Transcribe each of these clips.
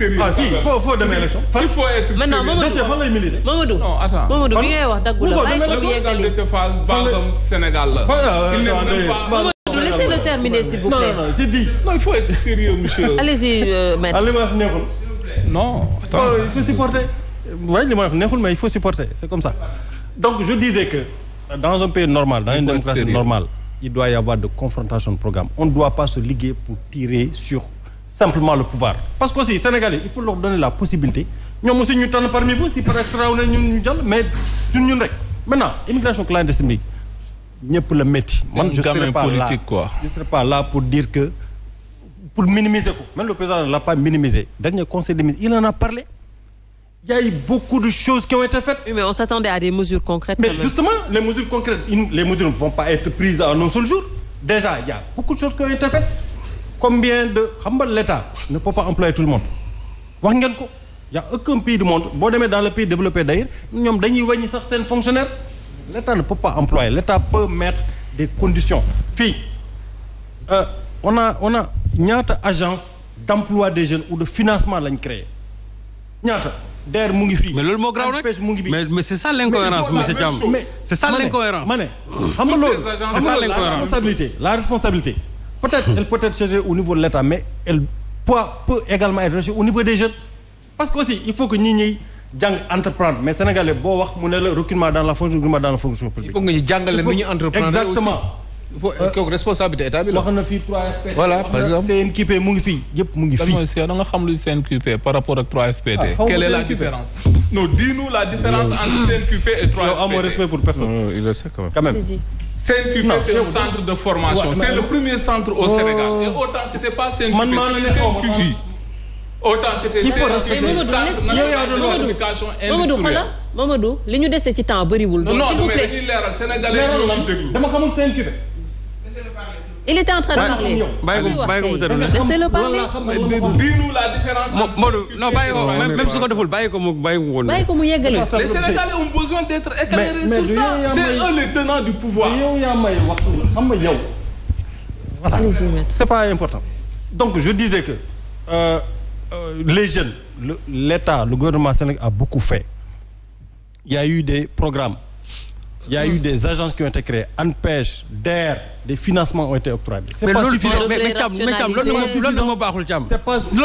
sérieux ah, ah non wax daggu la bàyyi ko mu yeggali Sénégal la. laissez-le terminer s'il j'ai dit. non il faut être sérieux monsieur. allez-y euh, maître. Ah, li ma wax neexul. non. attends il faut supporter. waaye li ma wax neexul mais il faut supporter c'est comme ça. donc je disais que. dans un pays normal dans une démocratie normale. il doit y avoir de confrontation de programme on ne doit pas se liguer pour tirer sur. simplement le pouvoir parce que aussi Sénégalais il faut leur donner la possibilité ñoom aussi ñu tànn parmi vous si peut-être raw na ñun ñu mais ñun ñun rek maintenant immigration clandestine bi la métti. man je pas là pour dire que pour minimiser ko même le président ne l'a pas minimisé dernier conseil des ministres il en a parlé. Il a eu beaucoup de choses qui ont été faites. on s'attendait à des mesures concrètes. Mais justement, les mesures concrètes, combien de xam nga l'État ne peut pas employer tout le monde wax ngeen ko y a aucun pays du monde boo demee dans le pays développé d'ailleurs ñoom dañuy wàññi sax seen fonctionnaire l'État ne peut pas employer l'État peut mettre des conditions fii euh, on a on ñaata agence d'emploi des jeunes ou de financement lañ créé ñaata DER mu ngi fii. mais loolu moo garaaw nag mu ngi mais mais c'est ça l'incohérence monsieur Thiam. mais c'est ça l'incohérence ma ne xam nga loolu. c'est la responsabilité peut-être elle peut être chargée au niveau de l'État mais elle peut peut également être reçue au niveau des jeunes parce que aussi il faut que ñii ñuy jàng entreprendre mais sénégalais boo wax mu ne la recrutement dans la fonction recrutement la fonction publique. il faut nga ñu jàngale nu ñu entreprendre exactement. il faut euh, kooku responsabilité état bi la. wax na fii 3FPT. voilà ah, quelle la différence. non dis-nous la différence entre CNQP et 3 personne. quand même. CNQP c'est un centre de formation c'est le premier centre au Sénégal oh. et autant c'était pas CNQP li ñu dese ci temps bëriwul. donc s'il vous plaît non non mais dañuy leeral Sénégalais yi dama xamul CNQP il était en de parler. bàyyi ko bàyyi ko mu le parler. dis-nous la différence. Modou non bàyyi ko même su ko deful bàyyi ko mu les c'est eux les tenants du pouvoir. c'est pas important. donc je disais que euh, euh, les jeunes. l'État le gouvernement sénégalais a beaucoup fait. il y a eu des programmes. il y hmm. des agences qui ont été créées ANPEJ DER des financements ont été octroyés. c' est pas suffisant mais mais Thiam mais Thiam loolu moo baaxul Thiam. baaxul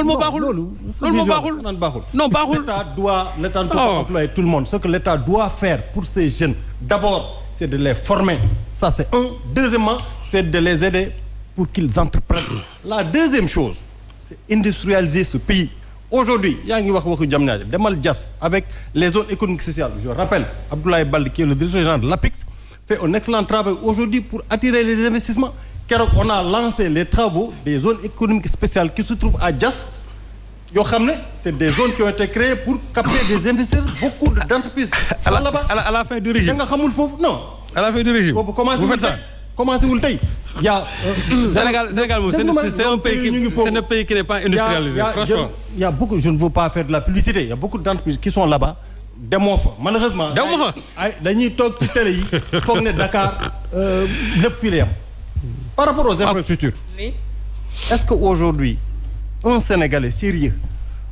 loolu moo baaxul l' état doit l' état doit oh. employer tout le monde ce que l' doit faire pour ces jeunes d' abord de les former ça c' est un de les aider pour qu'ils entreprennent la deuxième chose c' est industrialiser ce pays. aujourd'hui yaa ngi wax waxu Diamniadio demal Diass avec les zones économiques sociales je rappelle Abdoulaye Baldé qui est le directeur l'APIX fait un excellent travail aujourd'hui pour attirer les investissements keroog on a lancé les travaux des zones économiques spéciales qui se trouvent à jas yoo xam ne c'est des zones qui ont été créées pour capter des investisseurs beaucoup d'entreprises à la, à nga xamul foofu non à la fin du régime boobu commencé wul tey commencé wul tey y' a. Sénégal Sénégal moom c'est un pays qui c'est un pays qui n'est pas industrialisé. franchement a beaucoup je ne veux pas faire de la publicité il beaucoup d'entreprises qui sont là-bas. demoo fa malheureusement. demoo fa ay dañuy toog ci télé yi foog ne Dakar euh, lépp fii la yam par rapport aux infrastructures. est-ce que aujourd'hui un Sénégalais sérieux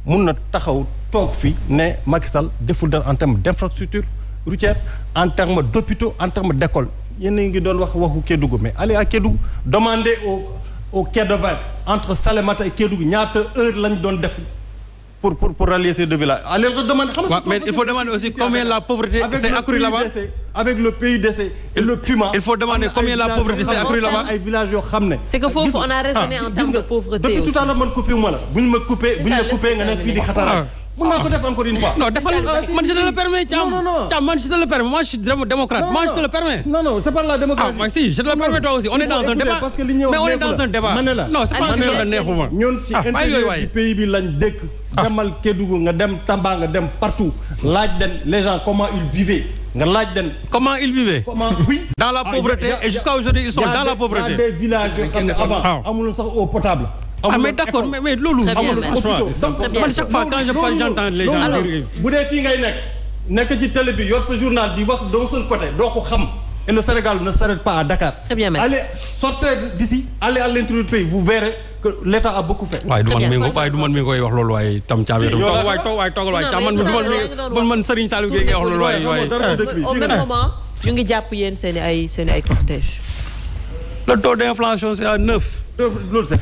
mun na taxaw toog fi ne Macky Sall deful dara en termes d'infrastructure routière en termes d'hôpitaux en termes d'école yéen ngi doon wax waxu Kédougou mais allez à Kédougou demandez au au de Vert entre Salémata et Kédougou ñaata heure lañ doon def pour pour pour rallier ces deux villages allez ay villages yoo xam ne c'est que foofu ah, on a raisonné en termes coupé wu ma ma coupé bu ma coupé nga nekk fii di xatarak mën naa ko def encore une fois. non defal ah, man je te le permets. man je te le permets moi je te le permets. non non c'est pas la démocratie. ah si je te le permets toi aussi on est dans un débat parce que li ñu mais on est dans un débat. non c'est pays bi lañ dëkk. Ah. demal Kédougou nga dem Tamba nga dem partout laaj den les gens comment ils vivaient. nga laaj den comment ils vivaient. comment oui. dans la ah, pauvreté et jusqu'à aujourd'hui ils sont dans la pauvreté. y a des villages ah mais d'accord mais mais loolu. amul hôpitaux man chaque fois quand je parle j'entends les gens. alors bu dee fii ngay nekk nekk ci télé bi yor sa journal di wax doo suñ côté doo ko xam. et le Sénégal ne s'arrête pas à Dakar. très bien d'ici allez à l'intérieur pays vous verrez que l'État a beaucoup fait. waaye du man mi waaye du man mi koy wax loolu waaye tam caabi tam toogal waaye toog waaye toogal waaye caabi man man man Serigne Saliou wax loolu waaye waaye. au même moment ñu ngi jàpp yéen seen i ay seen i ay cortège. le taux d'inflation c'est à neuf. loolu c'est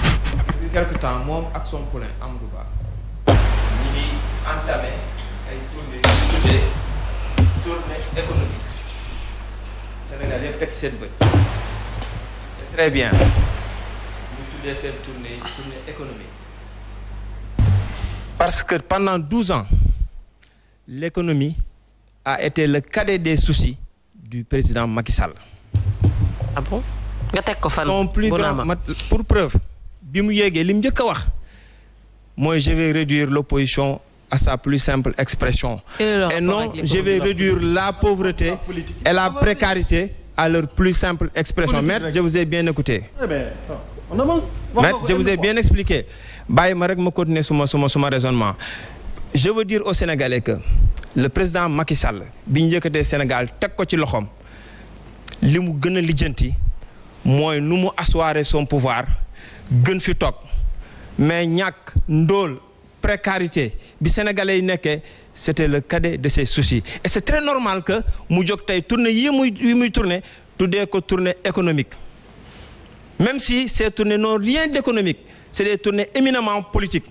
depuis moom ak son poulain Amadou Ba ñu ngi entamé ay tournée tuddee tournée économique Sénégal yëpp teg bët très bien ñu tuddee seen tournée tournée parce que pendant douze ans l'économie a été le cadet des soucis du président Macky Sall. Ah pour preuve. bi mu yéegee li mu njëkk a wax mooy je vais réduire l'opposition à sa plus simple expression et non je vais réduire la pauvreté et la précarité à leur plus simple expression maître je vous ai bien écouté eh maître je bàyyi ma rek ma continuer suma suma suma raisonnement je veux dire aux Sénégalais que le président Macky Sall bi ñu yëkkatee Sénégal teg ko ci loxoom li mu gën a lijjanti mooy nu mu asseoir son pouvoir gën fi toog mais ñàkk ndool précarité bi sénégalais yi nekkee c'était le cadet de ses soucis et c'est très normal que mu jog tey tournée yi muy yi muy tournée ko tournée économique même si ces tournées non rien d'économique c'est des tournées éminemment politiques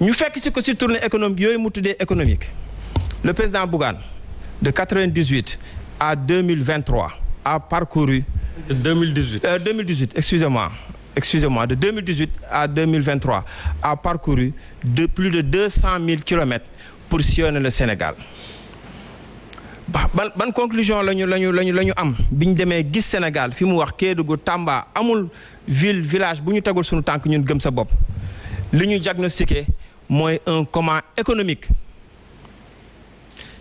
ñu fekk ci ko ci tournée économique yooyu mu tuddee économique le président Bougane de 98 à 2023 a parcouru. de 2018 euh, 2018 excusez-moi excusez-moi, de 2018 à 2023 a parcouru de plus de 200 000 kilomètres pour sillonner le Sénégal. ban ban conclusion la ñu la ñu la ñu am bi ñu demee gis Sénégal fi mu wax Kédougou Tamba amul ville village bu ñu tegul suñu tànk ñun gëm sa bopp li ñu diagnostiqué mooy un comment économique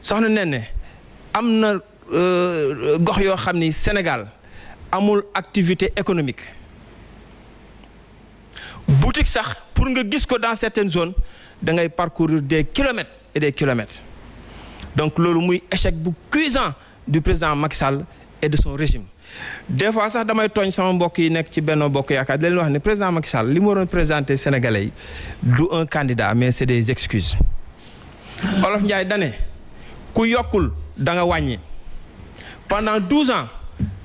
soxna Néné am na euh, gox yoo xam ni Sénégal amul activité économique boutique sax pour nga gis ko dans certaines zone da ngay parcourir des kilomètres et des kilomètres donc loolu muy échec bu cuisant du président Macky Sall et de son régime des fois sax damay tooñ sama mbokk yi nekk ci benn mbokk Yaakaar di wax ne président Macky Sall li mu waroon présenté Sénégalais yi du un candidat mais c'est des excuses Olof Ndiaye dane ku yokkul da nga wàññi pendant douze ans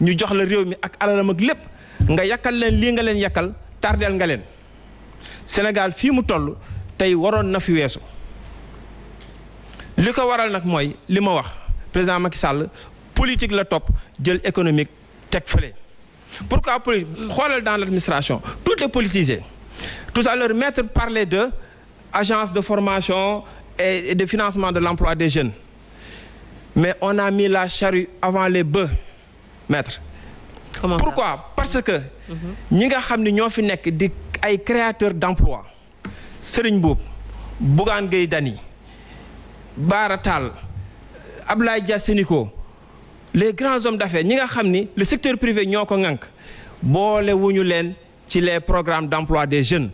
ñu jox la réew mi ak alalam ak lépp nga yàkkal leen lii nga leen yàkkal tardeel nga leen Sénégal fii mu toll tey waroon na fi weesu li ko waral nag mooy li ma wax président Macky Sall politique la topp jël économique teg fële. pourquoi politique xoolal dans l' administration tout les politisé tout à l'heure maître parlait de agence de formation et de financement de l'emploi des jeunes mais on a mis la charrue avant les bœufs maître. pourquoi parce que. Mm-hmm. ñi nga xam ne ñoo fi nekk di. ay créateurs d'emploi Serigne Mboup Bougane Gueye dani Bara ab Abdoulaye Dia Sénico les grands hommes d'affaires ñi nga xam ni le secteur privé ñoo ko ŋànk boole wuñu leen ci les programme d'emploi des jeunes